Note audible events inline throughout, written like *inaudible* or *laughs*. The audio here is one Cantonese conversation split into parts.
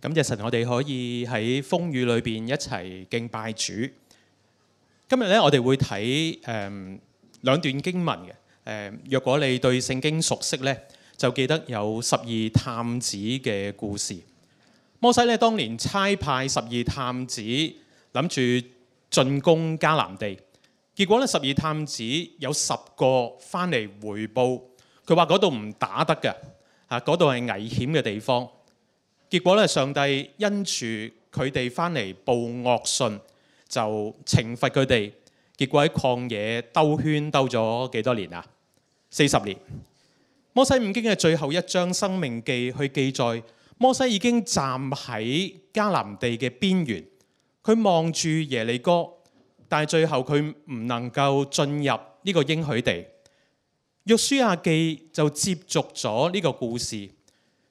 感謝神，我哋可以喺風雨裏邊一齊敬拜主。今日咧，我哋會睇誒兩段經文嘅。誒，若果你對聖經熟悉咧，就記得有十二探子嘅故事。摩西咧，當年差派十二探子，諗住進攻迦南地。結果咧，十二探子有十個翻嚟回報，佢話嗰度唔打得㗎，啊，嗰度係危險嘅地方。結果咧，上帝因住佢哋翻嚟報惡信，就懲罰佢哋。結果喺曠野兜圈兜咗幾多年啊，四十年。摩西五經嘅最後一章《申命記》去記載，摩西已經站喺迦南地嘅邊緣，佢望住耶利哥，但係最後佢唔能夠進入呢個應許地。約書亞記就接續咗呢個故事。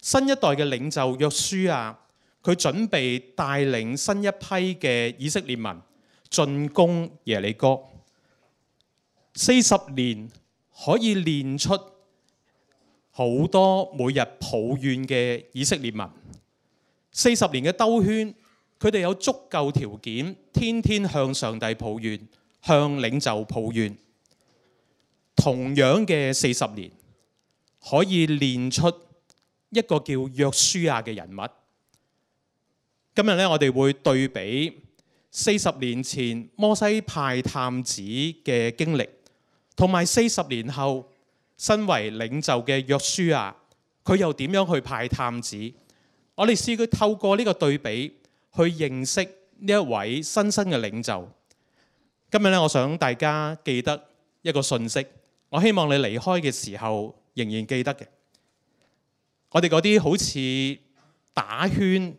新一代嘅領袖約書亞，啊，佢準備帶領新一批嘅以色列民進攻耶利哥。四十年可以練出好多每日抱怨嘅以色列民。四十年嘅兜圈，佢哋有足夠條件天天向上帝抱怨，向領袖抱怨。同樣嘅四十年可以練出，一個叫約書亞嘅人物。今日咧，我哋會對比四十年前摩西派探子嘅經歷，同埋四十年後身為領袖嘅約書亞，佢又點樣去派探子？我哋試吓透過呢個對比去認識呢一位新生嘅領袖。今日咧，我想大家記得一個信息，我希望你離開嘅時候仍然記得嘅。我哋嗰啲好似打圈、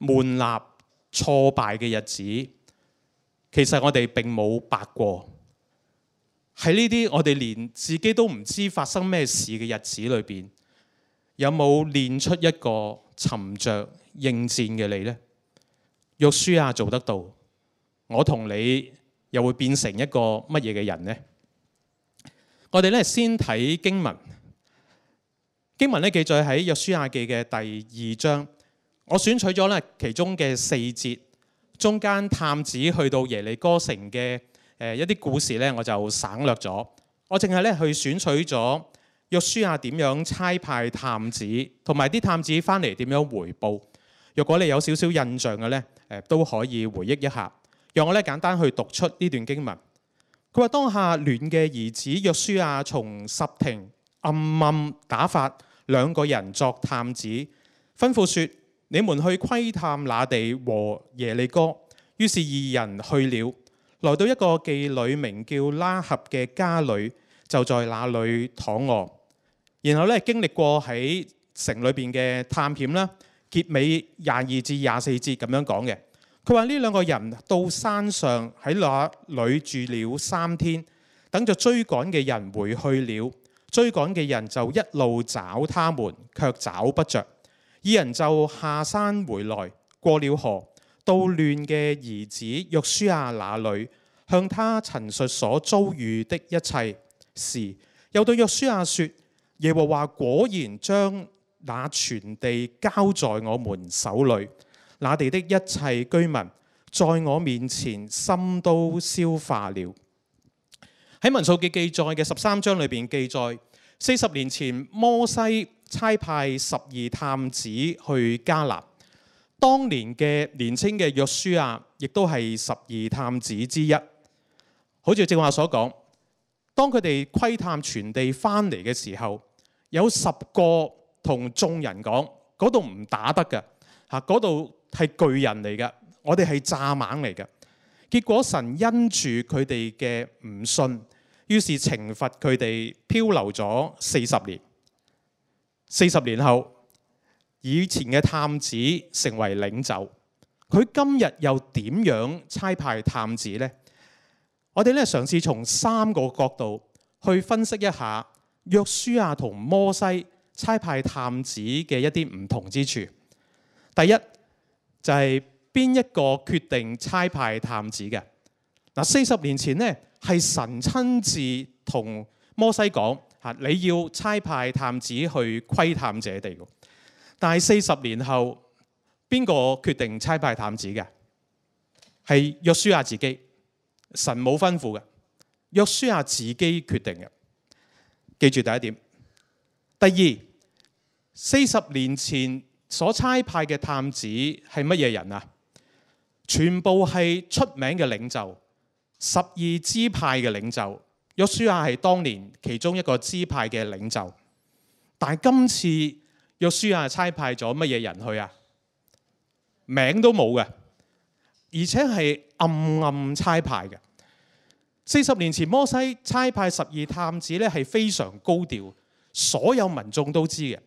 悶立、挫敗嘅日子，其實我哋並冇白過。喺呢啲我哋連自己都唔知發生咩事嘅日子裏邊，有冇練出一個沉着、應戰嘅你呢？約書亞做得到，我同你又會變成一個乜嘢嘅人呢？我哋咧先睇經文。經文咧記載喺約書亞記嘅第二章，我選取咗咧其中嘅四節，中間探子去到耶利哥城嘅誒一啲故事咧，我就省略咗，我淨係咧去選取咗約書亞點樣差派探子，同埋啲探子翻嚟點樣回報。若果你有少少印象嘅咧，誒都可以回憶一下。讓我咧簡單去讀出呢段經文。佢話當下嫩嘅兒子約書亞從什亭，暗暗打發。兩個人作探子，吩咐說：你們去窺探那地和耶利哥。於是二人去了，來到一個妓女名叫拉合嘅家裏，就在那裏躺卧。然後咧，經歷過喺城裏邊嘅探險啦。結尾廿二至廿四節咁樣講嘅，佢話呢兩個人到山上，喺那裏住了三天，等著追趕嘅人回去了。追趕嘅人就一路找他們，卻找不着。二人就下山回來，過了河，到亂嘅兒子約書亞、啊、那裏，向他陳述所遭遇的一切事。又對約書亞、啊、說：「耶和華果然將那全地交在我們手裏。」那地的一切居民在我面前心都消化了。喺民數嘅記，記載嘅十三章裏邊記載，四十年前摩西差派十二探子去迦南，當年嘅年青嘅約書亞亦都係十二探子之一。好似正話所講，當佢哋窺探全地翻嚟嘅時候，有十個同眾人講，嗰度唔打得㗎，吓，嗰度係巨人嚟㗎，我哋係蚱蜢嚟㗎。結果神因住佢哋嘅唔信，於是懲罰佢哋漂流咗四十年。四十年後，以前嘅探子成為領袖。佢今日又點樣差派探子呢？我哋咧嘗試從三個角度去分析一下約書亞同摩西差派探子嘅一啲唔同之處。第一就係、是。邊一個決定差派探子嘅？嗱，四十年前呢，係神親自同摩西講：吓，你要差派探子去窺探這地。但係四十年後，邊個決定差派探子嘅？係約書亞自己，神冇吩咐嘅，約書亞自己決定嘅。記住第一點。第二，四十年前所差派嘅探子係乜嘢人啊？全部係出名嘅領袖，十二支派嘅領袖，約書亞係當年其中一個支派嘅領袖。但係今次約書亞係差派咗乜嘢人去啊？名都冇嘅，而且係暗暗差派嘅。四十年前摩西差派十二探子咧，係非常高調，所有民眾都知嘅。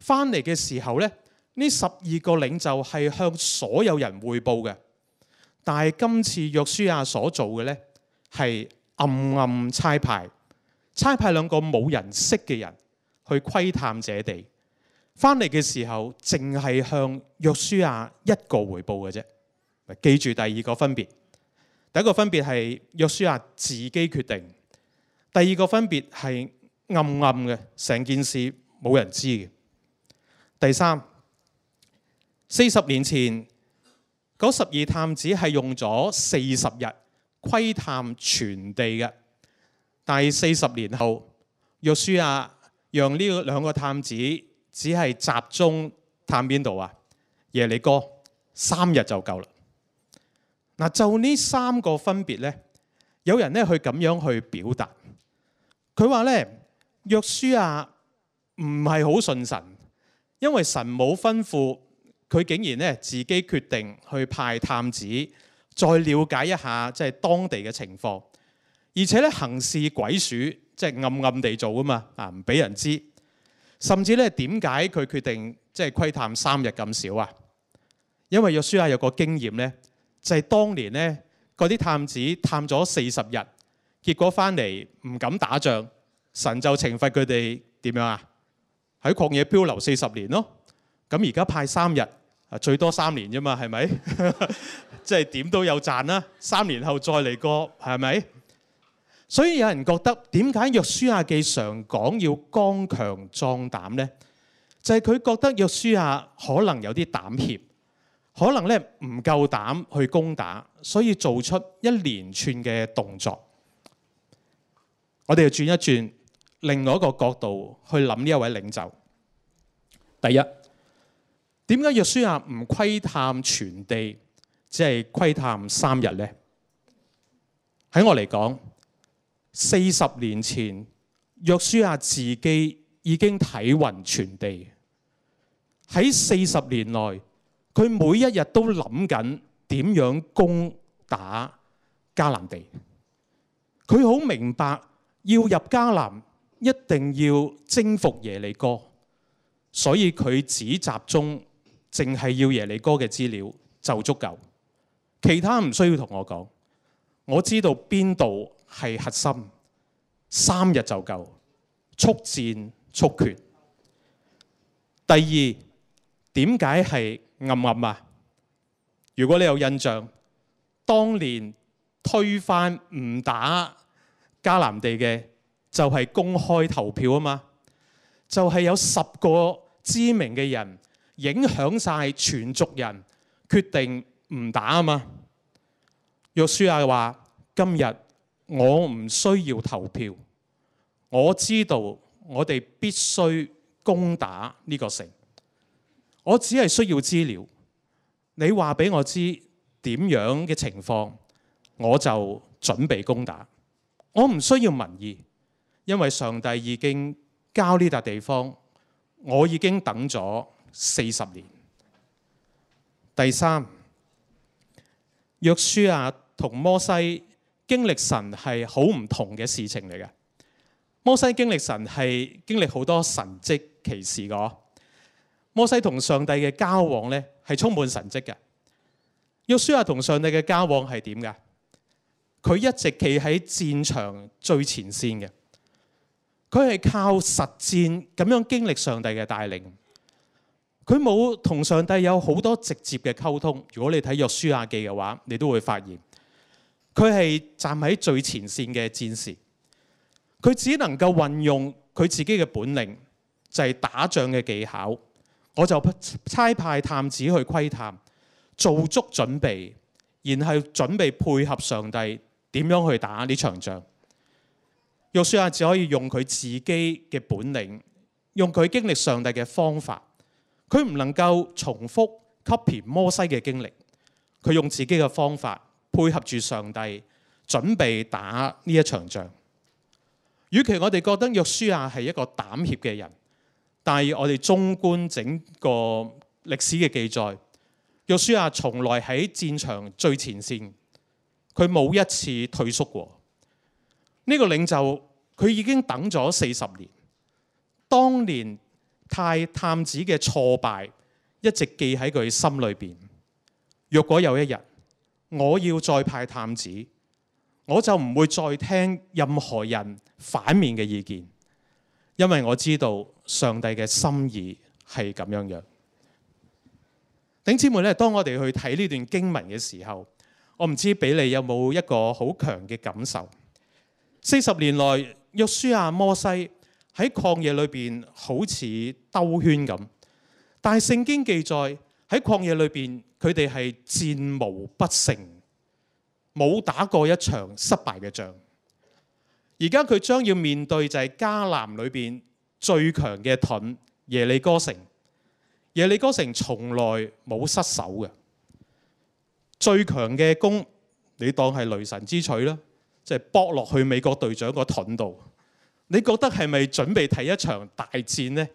翻嚟嘅時候呢，呢十二個領袖係向所有人匯報嘅。但係今次約書亞所做嘅呢，係暗暗差派，差派兩個冇人識嘅人去窺探這地，翻嚟嘅時候淨係向約書亞一個回報嘅啫。記住第二個分別，第一個分別係約書亞自己決定，第二個分別係暗暗嘅，成件事冇人知嘅。第三，四十年前。嗰十二探子係用咗四十日窺探全地嘅。第，四十年後，約書亞讓呢兩個探子只係集中探邊度啊？耶利哥三日就夠啦。嗱，就呢三個分別呢，有人呢去咁樣去表達，佢話呢，約書亞唔係好信神，因為神冇吩咐。佢竟然咧自己決定去派探子再了解一下即係當地嘅情況，而且咧行事鬼鼠，即係暗暗地做啊嘛，啊唔俾人知。甚至咧點解佢決定即係窺探三日咁少啊？因為約書亞有個經驗咧，就係當年咧嗰啲探子探咗四十日，結果翻嚟唔敢打仗，神就懲罰佢哋點樣啊？喺曠野漂流四十年咯。咁而家派三日啊，最多三年啫嘛，係咪？即係點都有賺啦。三年後再嚟過，係咪？所以有人覺得，點解約書亞記常講要剛強壯膽呢？就係佢覺得約書亞可能有啲膽怯，可能咧唔夠膽去攻打，所以做出一連串嘅動作。我哋要轉一轉另外一個角度去諗呢一位領袖。第一。點解約書亞唔窺探全地，即係窺探三日呢？喺我嚟講，四十年前約書亞自己已經睇勻全地。喺四十年內，佢每一日都諗緊點樣攻打迦南地。佢好明白要入迦南，一定要征服耶利哥，所以佢只集中，淨係要耶利哥嘅資料就足夠，其他唔需要同我講。我知道邊度係核心，三日就夠，速戰速決。第二，點解係暗暗啊？如果你有印象，當年推翻唔打迦南地嘅就係公開投票啊嘛，就係有十個知名嘅人。影響晒全族人決定唔打啊嘛。約書亞話：今日我唔需要投票，我知道我哋必須攻打呢個城。我只係需要資料，你話俾我知點樣嘅情況，我就準備攻打。我唔需要民意，因為上帝已經交呢笪地方，我已經等咗四十年。第三，約書亞同摩西經歷神係好唔同嘅事情嚟嘅。摩西經歷神係經歷好多神蹟奇事嘅。摩西同上帝嘅交往呢係充滿神蹟嘅。約書亞同上帝嘅交往係點㗎？佢一直企喺戰場最前線嘅，佢係靠實戰咁樣經歷上帝嘅帶領。佢冇同上帝有好多直接嘅溝通。如果你睇約書亞記嘅話，你都會發現佢係站喺最前線嘅戰士。佢只能夠運用佢自己嘅本領，就係、是、打仗嘅技巧。我就派差派探子去窺探，做足準備，然後準備配合上帝點樣去打呢場仗。約書亞只可以用佢自己嘅本領，用佢經歷上帝嘅方法。佢唔能夠重複吸片摩西嘅經歷，佢用自己嘅方法配合住上帝，準備打呢一場仗。與其我哋覺得約書亞係一個膽怯嘅人，但係我哋綜觀整個歷史嘅記載，約書亞從來喺戰場最前線，佢冇一次退縮過。呢、這個領袖佢已經等咗四十年，當年。派探子嘅挫敗一直記喺佢心裏邊。若果有一日我要再派探子，我就唔會再聽任何人反面嘅意見，因為我知道上帝嘅心意係咁樣樣。頂姊妹咧，當我哋去睇呢段經文嘅時候，我唔知俾你有冇一個好強嘅感受？四十年來，約書亞、摩西。喺曠野裏邊好似兜圈咁，但係聖經記載喺曠野裏邊佢哋係戰無不勝，冇打過一場失敗嘅仗。而家佢將要面對就係迦南裏邊最強嘅盾耶利哥城，耶利哥城從來冇失手嘅，最強嘅攻你當係雷神之錘啦，即係卜落去美國隊長個盾度。你覺得係咪準備睇一場大戰呢？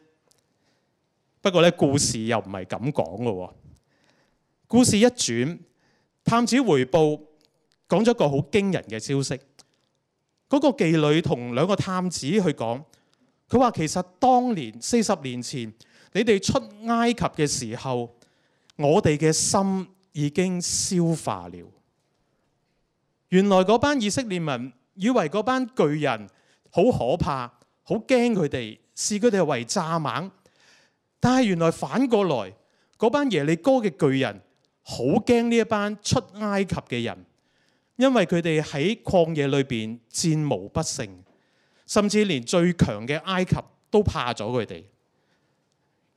不過咧，故事又唔係咁講咯。故事一轉，探子回報講咗個好驚人嘅消息。嗰個妓女同兩個探子去講，佢話其實當年四十年前你哋出埃及嘅時候，我哋嘅心已經消化了。原來嗰班以色列民以為嗰班巨人。好可怕，好驚佢哋，視佢哋係為蚱蜢。但係原來反過來，嗰班耶利哥嘅巨人好驚呢一班出埃及嘅人，因為佢哋喺曠野裏邊戰無不勝，甚至連最強嘅埃及都怕咗佢哋。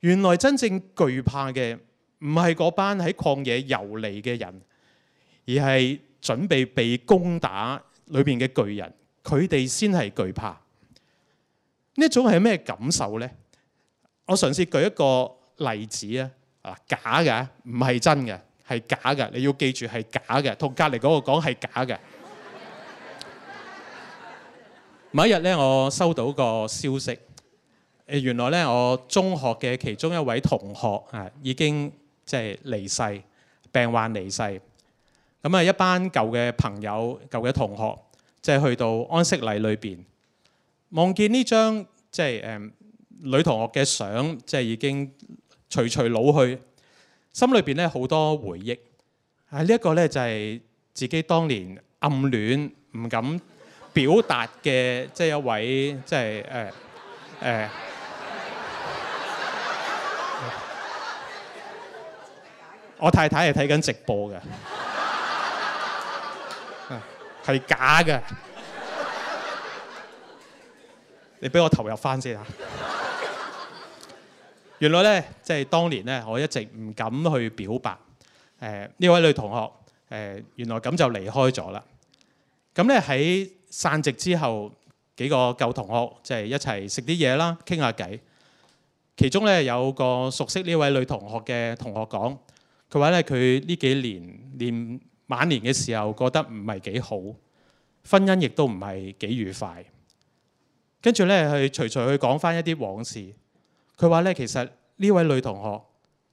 原來真正懼怕嘅唔係嗰班喺曠野遊離嘅人，而係準備被攻打裏邊嘅巨人。佢哋先係懼怕，呢一種係咩感受呢？我嘗試舉一個例子啊！嗱，假嘅，唔係真嘅，係假嘅。你要記住係假嘅，同隔離嗰個講係假嘅。某一 *laughs* 日呢，我收到個消息，誒原來呢，我中學嘅其中一位同學啊已經即係離世，病患離世。咁啊，一班舊嘅朋友、舊嘅同學。即係去到安息禮裏邊，望見呢張即係誒、呃、女同學嘅相，即係已經徐徐老去，心裏邊咧好多回憶。係、啊這個、呢一個咧就係、是、自己當年暗戀唔敢表達嘅，即係 *laughs* 一位即係誒誒。就是呃呃、 *laughs* 我太太係睇緊直播嘅。係假嘅，你俾我投入翻先嚇。原來呢，即係當年呢，我一直唔敢去表白。誒呢位女同學，誒原來咁就離開咗啦。咁呢，喺散席之後，幾個舊同學即係一齊食啲嘢啦，傾下偈。其中呢，有個熟悉呢位女同學嘅同學講，佢話呢，佢呢幾年念。晚年嘅時候覺得唔係幾好，婚姻亦都唔係幾愉快。跟住咧，佢隨隨去講翻一啲往事。佢話咧，其實呢位女同學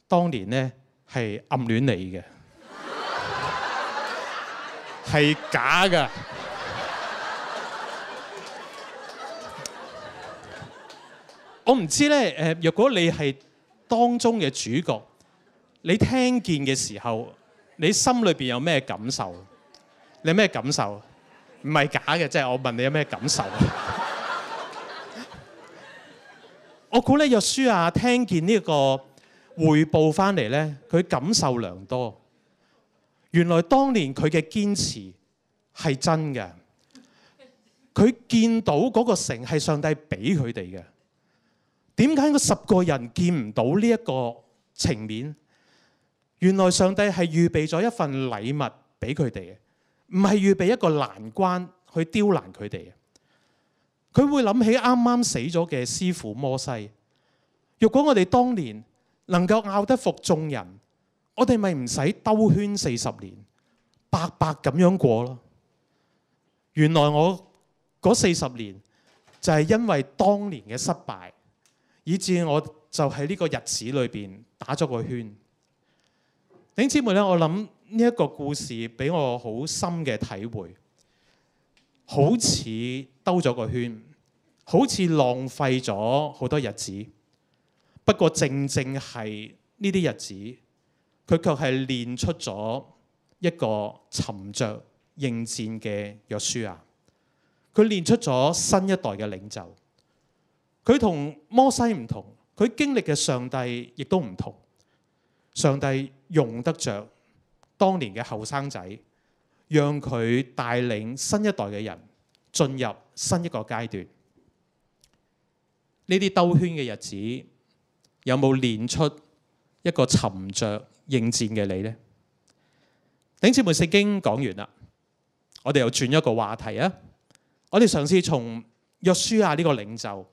當年呢係暗戀你嘅，係 *laughs* 假㗎。 *laughs* 我唔知咧誒，若果你係當中嘅主角，你聽見嘅時候。你心裏邊有咩感受？你有咩感受？唔係假嘅，即係我問你有咩感受。 *laughs* 我估呢約書亞，聽見呢個彙報翻嚟呢佢感受良多。原來當年佢嘅堅持係真嘅。佢見到嗰個城係上帝俾佢哋嘅。點解十個人見唔到呢一個情面？原來上帝係預備咗一份禮物俾佢哋嘅，唔係預備一個難關去刁難佢哋嘅。佢會諗起啱啱死咗嘅師傅摩西。如果我哋當年能夠拗得服眾人，我哋咪唔使兜圈四十年，白白咁樣過咯。原來我嗰四十年就係因為當年嘅失敗，以至我就喺呢個日子裏邊打咗個圈。弟兄姊妹，我諗呢一個故事俾我好深嘅體會，好似兜咗個圈，好似浪費咗好多日子。不過正正係呢啲日子，佢卻係練出咗一個沉着應戰嘅約書亞。佢練出咗新一代嘅領袖。佢同摩西唔同，佢經歷嘅上帝亦都唔同。上帝用得着當年嘅後生仔，讓佢帶領新一代嘅人進入新一個階段。呢啲兜圈嘅日子，有冇練出一個沉着應戰嘅你呢？頂次門聖經講完啦，我哋又轉一個話題啊！我哋嘗試從約書亞呢個領袖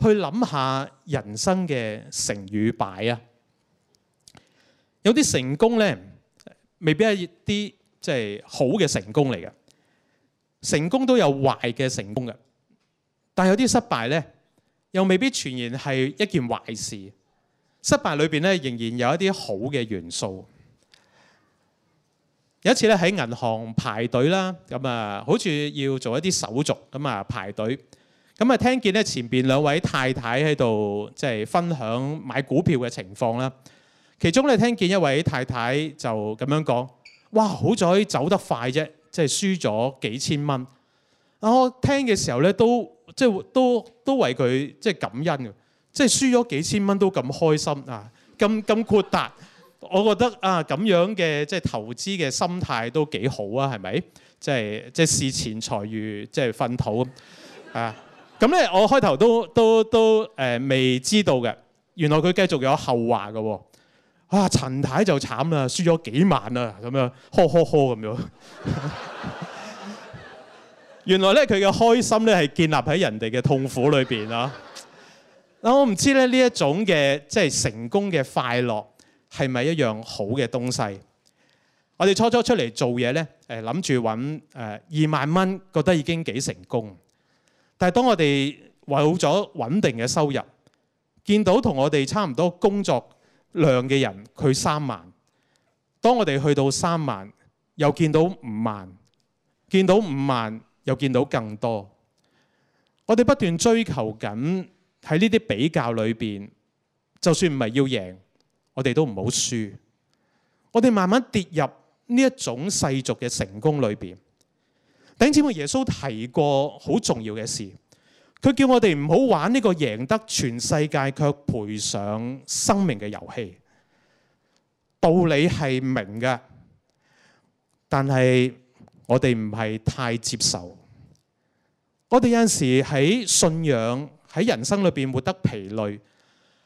去諗下人生嘅成與敗啊！有啲成功咧，未必係啲即係好嘅成功嚟嘅。成功都有壞嘅成功嘅，但係有啲失敗咧，又未必全然係一件壞事。失敗裏邊咧，仍然有一啲好嘅元素。有一次咧，喺銀行排隊啦，咁啊，好似要做一啲手續，咁啊，排隊，咁啊聽見咧前邊兩位太太喺度即係分享買股票嘅情況啦。其中咧，聽見一位太太就咁樣講：哇，好彩走得快啫，即係輸咗幾千蚊。我聽嘅時候咧，都即係都都為佢即係感恩嘅，即係輸咗幾千蚊都咁開心啊，咁咁豁達。我覺得啊，咁樣嘅即係投資嘅心態都幾好啊，係咪？即係即係視錢財如即係糞土啊。咁咧，我開頭都都都誒、呃、未知道嘅，原來佢繼續有後話嘅喎。啊，陳太，太就慘啦，輸咗幾萬啦，啊，咁樣呵呵呵咁樣。哼哼哼樣 *laughs* 原來咧，佢嘅開心咧係建立喺人哋嘅痛苦裏邊啊！嗱， *laughs* 我唔知咧呢一種嘅即係成功嘅快樂係咪一樣好嘅東西？我哋初初出嚟做嘢咧，誒諗住揾誒二萬蚊，覺得已經幾成功。但係當我哋有咗穩定嘅收入，見到同我哋差唔多工作量嘅人佢三萬，當我哋去到三萬，又見到五萬，見到五萬，又見到更多。我哋不斷追求緊喺呢啲比較裏邊，就算唔係要贏，我哋都唔好輸。我哋慢慢跌入呢一種世俗嘅成功裏邊。頂尖嘅耶穌提過好重要嘅事。佢叫我哋唔好玩呢個贏得全世界卻賠上生命嘅遊戲，道理係明嘅，但係我哋唔係太接受。我哋有陣時喺信仰，喺人生裏邊活得疲累，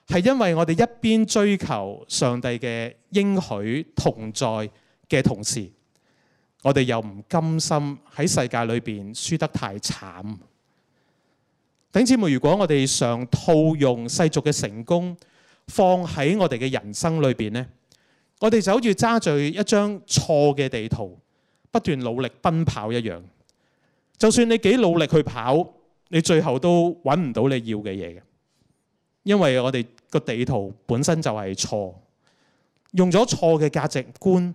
係因為我哋一邊追求上帝嘅應許同在嘅同時，我哋又唔甘心喺世界裏邊輸得太慘。弟兄姊妹，如果我哋常套用世俗嘅成功放喺我哋嘅人生裏邊咧，我哋就好似揸住一張錯嘅地圖，不斷努力奔跑一樣。就算你幾努力去跑，你最後都揾唔到你要嘅嘢嘅，因為我哋個地圖本身就係錯，用咗錯嘅價值觀，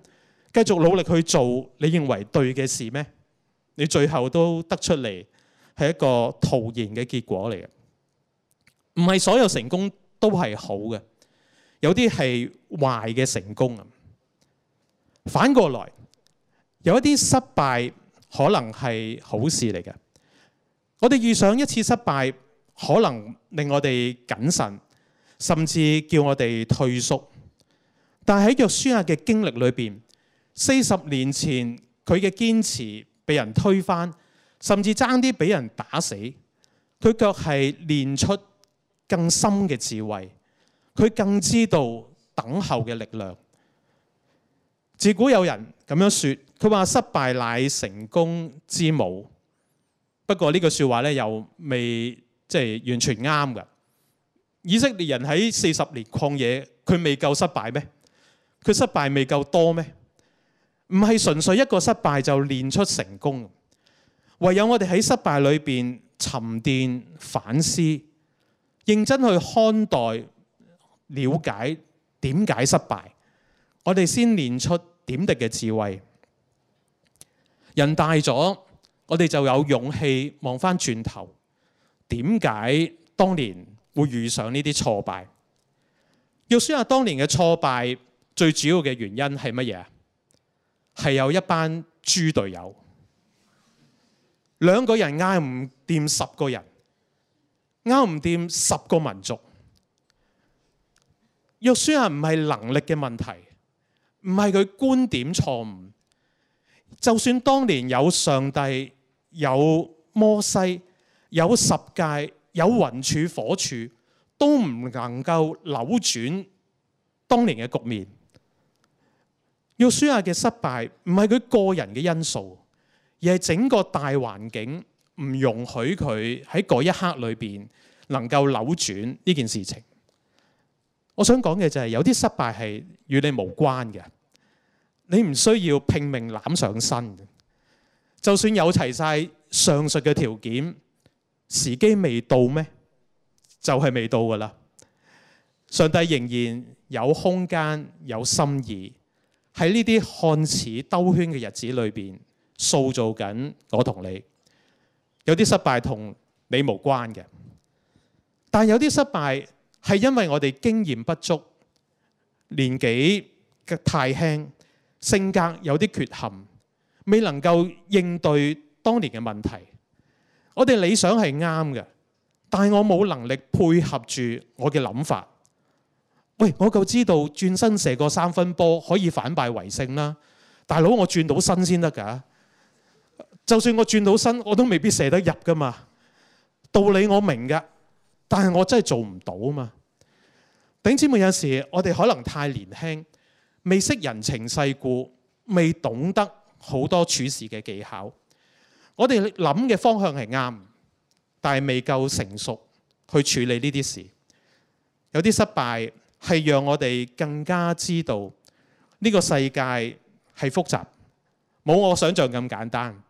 繼續努力去做你認為對嘅事咩？你最後都得出嚟。係一個徒然嘅結果嚟嘅唔係所有成功都係好嘅，有啲係壞嘅成功啊。反過來，有一啲失敗可能係好事嚟嘅。我哋遇上一次失敗，可能令我哋謹慎，甚至叫我哋退縮。但係喺約書亞嘅經歷裏邊，四十年前佢嘅堅持被人推翻。甚至爭啲俾人打死，佢卻係練出更深嘅智慧，佢更知道等候嘅力量。自古有人咁樣説，佢話失敗乃成功之母。不過呢句説話咧，又未即係完全啱㗎。以色列人喺四十年曠野，佢未夠失敗咩？佢失敗未夠多咩？唔係純粹一個失敗就練出成功。唯有我哋喺失敗裏邊沉澱反思，認真去看待、了解點解失敗，我哋先練出點滴嘅智慧。人大咗，我哋就有勇氣望翻轉頭，點解當年會遇上呢啲挫敗？要說下當年嘅挫敗，最主要嘅原因係乜嘢？係有一班豬隊友。兩個人嗌唔掂，十個人拗唔掂，十個民族。約書亞唔係能力嘅問題，唔係佢觀點錯誤。就算當年有上帝，有摩西，有十誡，有雲柱火柱，都唔能夠扭轉當年嘅局面。約書亞嘅失敗唔係佢個人嘅因素。而係整個大環境唔容許佢喺嗰一刻裏邊能夠扭轉呢件事情。我想講嘅就係有啲失敗係與你無關嘅，你唔需要拼命攬上身。就算有齊晒上述嘅條件，時機未到咩？就係未到㗎喇。上帝仍然有空間、有心意喺呢啲看似兜圈嘅日子裏邊。塑造緊我同你，有啲失敗同你無關嘅，但有啲失敗係因為我哋經驗不足、年紀太輕、性格有啲缺陷，未能夠應對當年嘅問題。我哋理想係啱嘅，但係我冇能力配合住我嘅諗法。喂，我夠知道轉身射個三分波可以反敗為勝啦，大佬，我轉到身先得㗎。就算我轉到身，我都未必射得入㗎嘛。道理我明㗎，但係我真係做唔到啊嘛。弟兄姊妹，有時我哋可能太年輕，未識人情世故，未懂得好多處事嘅技巧。我哋諗嘅方向係啱，但係未夠成熟去處理呢啲事。有啲失敗係讓我哋更加知道呢個世界係複雜，冇我想像咁簡單。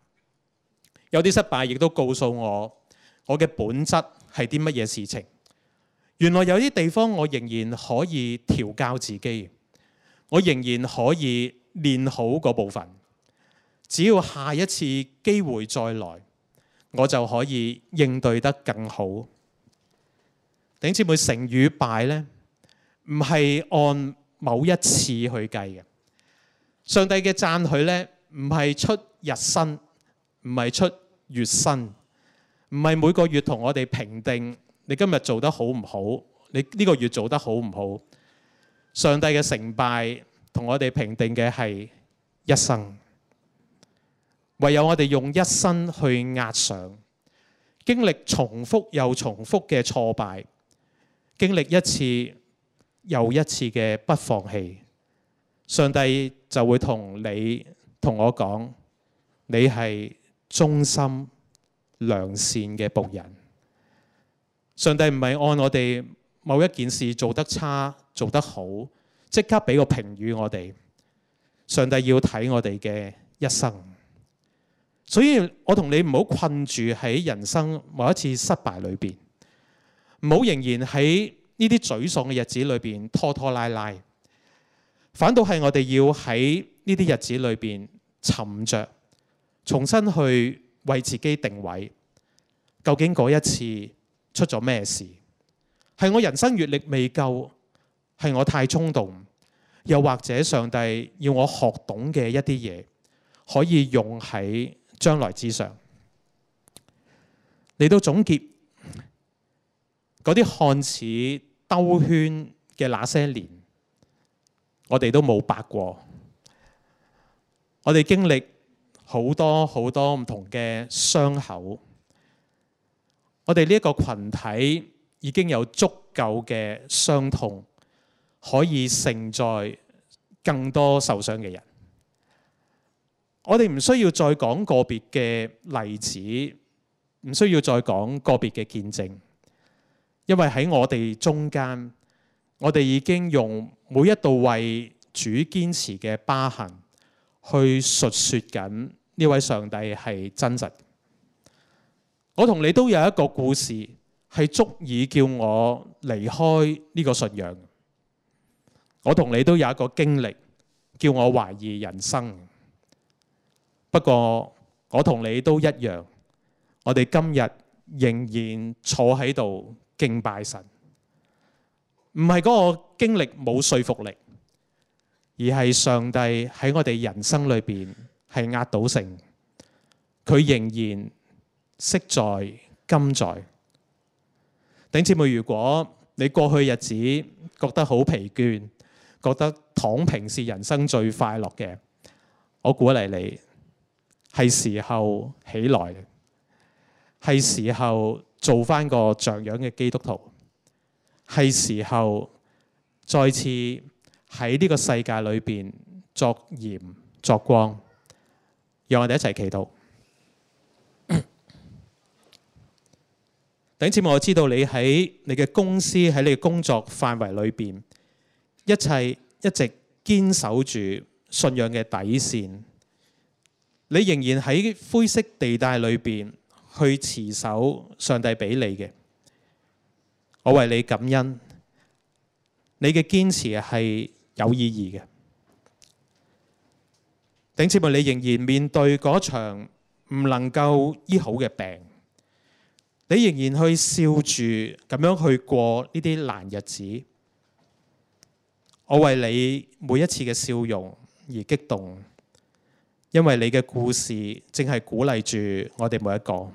有啲失敗亦都告訴我，我嘅本質係啲乜嘢事情？原來有啲地方我仍然可以調教自己，我仍然可以練好嗰部分。只要下一次機會再來，我就可以應對得更好。弟兄姊妹，成與敗呢，唔係按某一次去計嘅。上帝嘅讚許呢，唔係出日薪，唔係出月薪，唔係每個月同我哋評定你今日做得好唔好，你呢個月做得好唔好。上帝嘅成敗同我哋評定嘅係一生，唯有我哋用一生去壓上，經歷重複又重複嘅挫敗，經歷一次又一次嘅不放棄，上帝就會同你同我講，你係，忠心良善嘅僕人，上帝唔係按我哋某一件事做得差做得好，即刻俾個評語我哋。上帝要睇我哋嘅一生，所以我同你唔好困住喺人生某一次失敗裏邊，唔好仍然喺呢啲沮喪嘅日子裏邊拖拖拉拉。反倒係我哋要喺呢啲日子裏邊沉着。重新去為自己定位，究竟嗰一次出咗咩事？係我人生閱歷未夠，係我太衝動，又或者上帝要我學懂嘅一啲嘢，可以用喺將來之上。嚟到總結，嗰啲看似兜圈嘅那些年，我哋都冇白過，我哋經歷。好多好多唔同嘅傷口，我哋呢個羣體已經有足夠嘅傷痛，可以承載更多受傷嘅人。我哋唔需要再講個別嘅例子，唔需要再講個別嘅見證，因為喺我哋中間，我哋已經用每一道為主堅持嘅疤痕去述説緊。呢位上帝係真實。我同你都有一個故事，係足以叫我離開呢個信仰。我同你都有一個經歷，叫我懷疑人生。不過我同你都一樣，我哋今日仍然坐喺度敬拜神。唔係嗰個經歷冇說服力，而係上帝喺我哋人生裏邊。係壓倒性，佢仍然昔在今在頂。姐妹，如果你過去日子覺得好疲倦，覺得躺平是人生最快樂嘅，我鼓勵你係時候起來，係時候做翻個像樣嘅基督徒，係時候再次喺呢個世界裏邊作鹽作光。讓我哋一齊祈禱。 *coughs* 頂次我知道你喺你嘅公司，喺你嘅工作範圍裏邊，一切一直堅守住信仰嘅底線。你仍然喺灰色地帶裏邊去持守上帝俾你嘅。我為你感恩，你嘅堅持係有意義嘅。頂姊妹，你仍然面對嗰場唔能夠醫好嘅病，你仍然去笑住咁樣去過呢啲難日子。我為你每一次嘅笑容而激動，因為你嘅故事正係鼓勵住我哋每一個。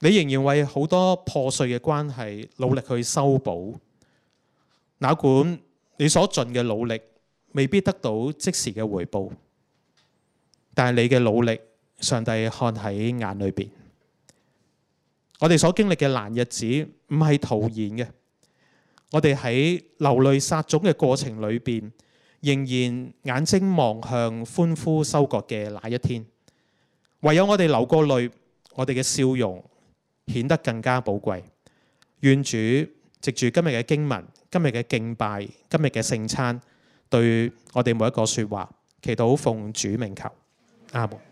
你仍然為好多破碎嘅關係努力去修補，哪管你所盡嘅努力。未必得到即時嘅回報，但係你嘅努力，上帝看喺眼裏邊。我哋所經歷嘅難日子唔係徒然嘅。我哋喺流淚撒種嘅過程裏邊，仍然眼睛望向歡呼收割嘅那一天。唯有我哋流過淚，我哋嘅笑容顯得更加寶貴。願主藉住今日嘅經文、今日嘅敬拜、今日嘅聖餐，對我哋每一個說話，祈禱奉主名求，阿門、啊。